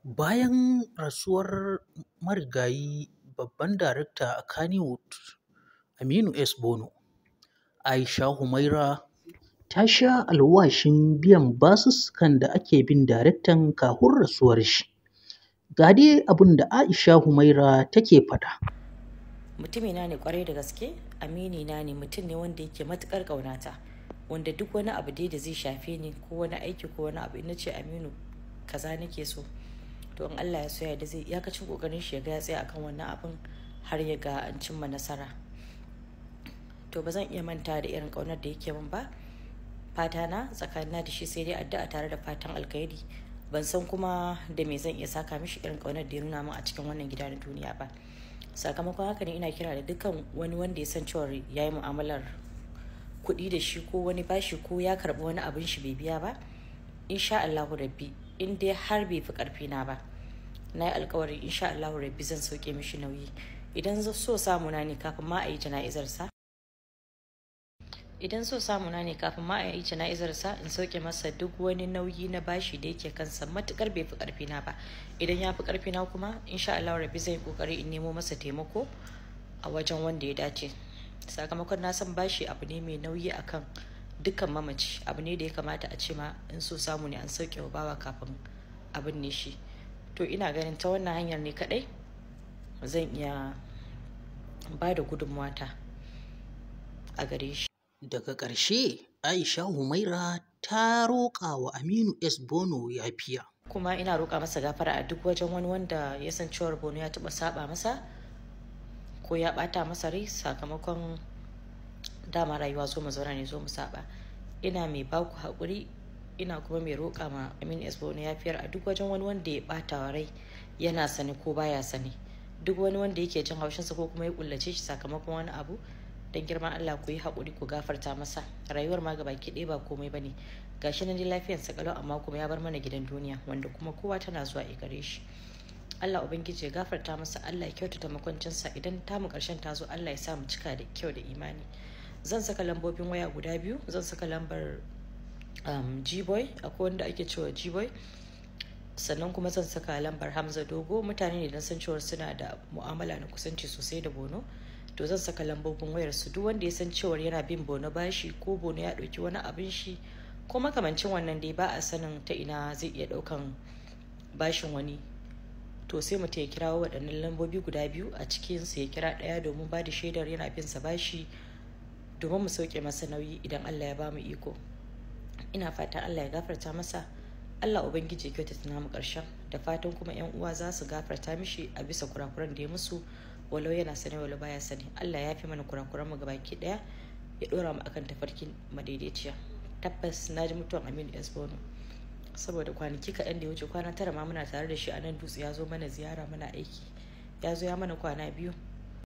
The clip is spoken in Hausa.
Bayan rasuwar marigayi babban darakta a Kannywood, Aminu S. Bono, Aisha Humaira ta sha alwashin biyan basuskan da ake bin daraktan kahun rasuwar shi. gade dai Aisha Humaira take faɗa. Mutumina ne kwarai da gaske, aminina ne mutum ne wanda yake matukar ƙaunata, wanda duk wani abu dai da zai shafe ni ko wani aiki ko wani abu na ce Aminu kaza nake so. to in Allah ya so ya da zai iyakacin kokarin shi ya ga ya tsaya akan wannan abin har ya ga an cimma nasara to ba zan iya manta da irin kaunar da yake min ba fata na tsakanina da shi sai dai addu'a tare da fatan alkhairi ban san kuma da me zan iya saka mishi irin kaunar da ya nuna min a cikin wannan gida na duniya ba sakamakon haka ne ina kira da dukkan wani wanda ya san cewa ya yi mu'amalar kuɗi da shi ko wani bashi ko ya karɓi wani abin shi bai biya ba insha Allahu rabbi in dai har bai fi ƙarfi na ba na yi alkawarin insha Allah rabbi zan sauke mishi nauyi idan so samu na ne kafin ma a yi jana'izar sa idan so samu na ne kafin ma a yi jana'izar sa in sauke masa duk wani nauyi na bashi da yake kansa matukar bai fi karfi na ba idan ya fi karfi na kuma insha Allah rabbi zan yi kokari in nemo masa taimako a wajen wanda ya dace sakamakon na san bashi abu ne mai nauyi akan dukkan mamaci abu ne da ya kamata a ce ma in so samu ne an sauke wa bawa kafin abin ne shi to ina ganin ta wannan hanyar ne kadai zan iya ba da gudunmata a gare shi daga ƙarshe aisha humaira ta roƙa wa aminu s bono yafiya kuma ina roƙa masa gafara a duk wajen wani wanda ya san cewar bono ya taɓa saba masa ko ya ɓata masa rai sakamakon dama rayuwa zo mu zauna ne zo mu saba ina mai baku haƙuri ina kuma mai roƙa ma Aminu Esbo na yafiyar a duk wajen wani wanda ya ɓata rai yana sani ko baya sani duk wani wanda yake jin haushinsa ko kuma ya kullace shi sakamakon wani abu dan girman Allah ku yi haƙuri ku gafarta masa rayuwar ma gabaki ɗaya ba komai ba ne gashi na dai lafiyar sa kalau amma kuma ya bar mana gidan duniya wanda kuma kowa tana zuwa a gare shi Allah ubangiji ya gafarta masa Allah ya kyautata makwancinsa idan tamu ƙarshen ta zo Allah ya sa mu cika da kyau da imani zan saka lambobin waya guda biyu zan saka lambar um, g-boy wanda ake cewa g sannan kuma zan saka lambar hamza dogo mutane ne don san cewar suna da mu'amala na kusanci sosai da bono to zan saka lambobin wayar su duk wanda ya san cewa yana bin bono bashi ko bono ya ɗauki wani abin shi ko makamancin wannan dai ba a sanin ta ina zai iya ɗaukan bashin wani to sai mu ya kirawo waɗannan lambobi guda biyu a cikinsu ya kira ɗaya domin ba da shaidar yana bin sa bashi domin mu sauke masa nauyi idan allah ya ba iko ina fatan allah ya gafarta masa allah ubangiji ya kyauta tana mu karshen da fatan kuma yan uwa za su gafarta mishi a bisa kurakuran da ya musu walau yana sani walau baya sani. allah ya fi mana kurakuran mu gabaki daya ya dora mu akan tafarkin madaidaiciya tabbas na ji mutuwan aminu esbono saboda kwanaki kaɗan da ya wuce kwana tara ma muna tare da shi a nan dutse ya zo mana ziyara mana aiki ya zo ya mana kwana biyu